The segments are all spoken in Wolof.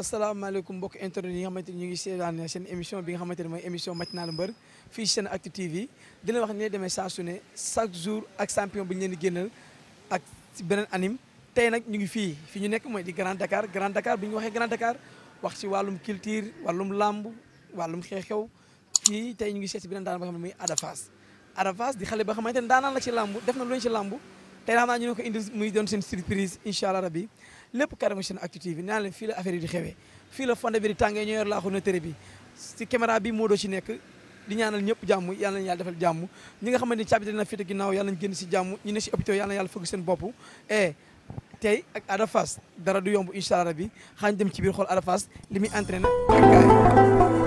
asalaamaaleykum mbokk internet yi nga xamante ni ñu ngi seetaan seen émission bi nga xamante ne mooy émission matinale mbër fii seen Actu TV di leen ne demee saa su ne chaque jour ak champion bu ñu leen di génnal ak beneen anime tey nag ñu ngi fii fi ñu nekk mooy di Grand Dakar Grand Dakar bu ñu waxee Grand Dakar wax ci wàllum culture wàllum làmb wàllum xew-xew fii tey ñu ngi seet si beneen daan boo xam ne mooy Ada Fass xale ba xamante ne daanaan la ci làmb def na lu ñu ci làmb tey xam naa ñu ne ko indi muy doon seen surprise incha allah rabbi lépp kanamu seen Actu TV naan leen fii la affaire yi di xewee fii la fonde bi di tàngee ñoo yor laaxu na bi si caméra bi moo doo ci nekk di ñaanal ñëpp jàmm yàlla nañu defal jàmm ñi nga xamante ni càbbite na fii te ginnaaw yàlla si jàmm ñu ne si hôpital yàlla na yàlla fëgg seen bopp e tey ak Ada dara du yomb incha allah rabbi xaañ dem ci biir xool Ada Fass li muy entraîné ak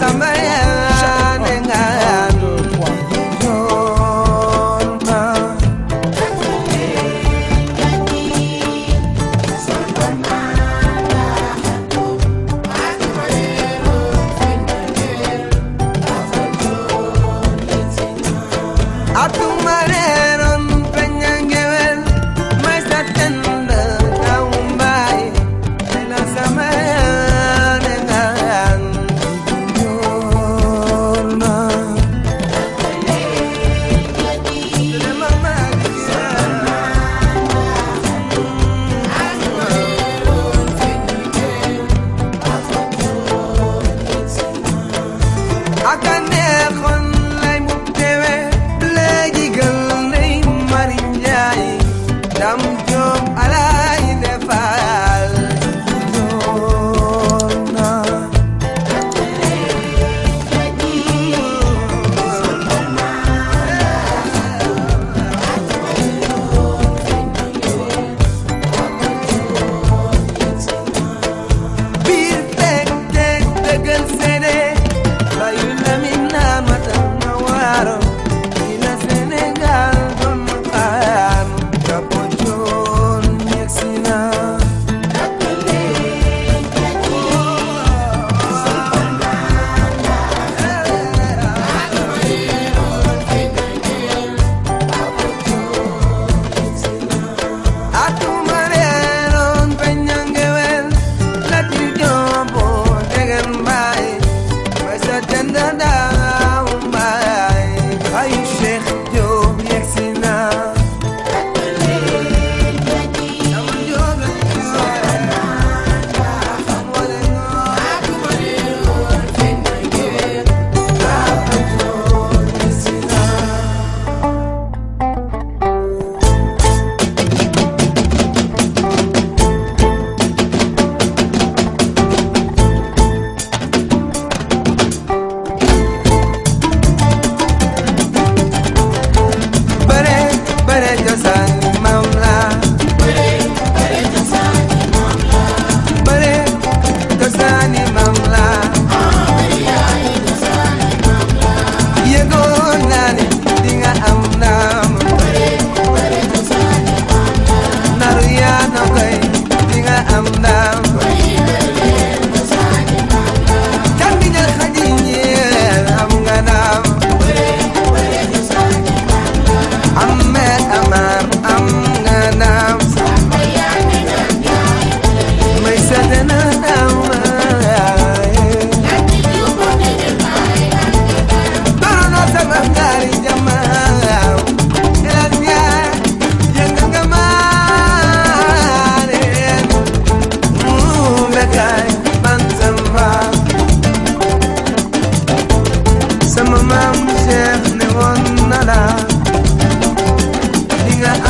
bésame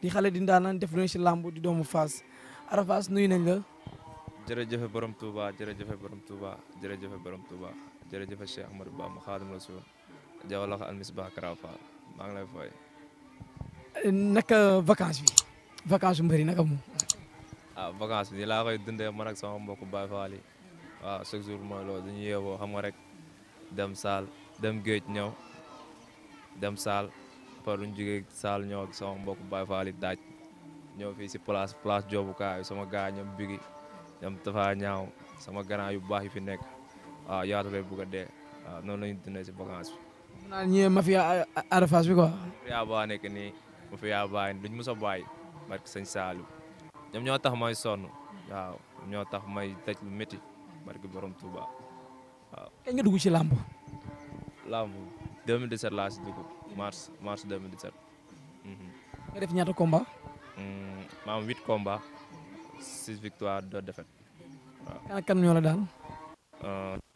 di xale di ndaanaan def lu si làmb di doomu Fass Ada Fass nuyu nañ la. jërëjëf borom jafe jërëjëf borom Touba jërëjëf borom Touba jërëjëf Cheikh Ahmadou Bamba Xaadimu Rasuul jawlax al misbah karafa maa ngi lay naka vacance bi vacance bu mbëri naka moom. ah vacance bi laa koy dundee man ak sama mbokku Baay Faal yi waaw chaque jour mooy loolu dañuy yeewoo xam nga rek dem saal dem géej ñëw dem saal paruñ jógee saal ñëw ak sama mbokk Baye Fall daaj ñëw fii si place place joobukaay sama gaa ñoom bigi ñoom ñaaw sama grand yu baax yi fi nekk waaw yaatu leen bëgg a dee waaw noonu la ñu dundee si vacances bi. naan ñii mafia arafas bi quoi. mafia baa nekk nii mafia baa duñ mos a bàyyi barke sëñ Saalum ñoo tax may sonn waaw ñoo tax may daj lu métti barke borom Touba waaw. kañ ci làmb. 2017 laa si dugg mars mars 2017. nga def ñaata combat. Mm, ma am huit combats six victoires deux ñoo la daal. Euh,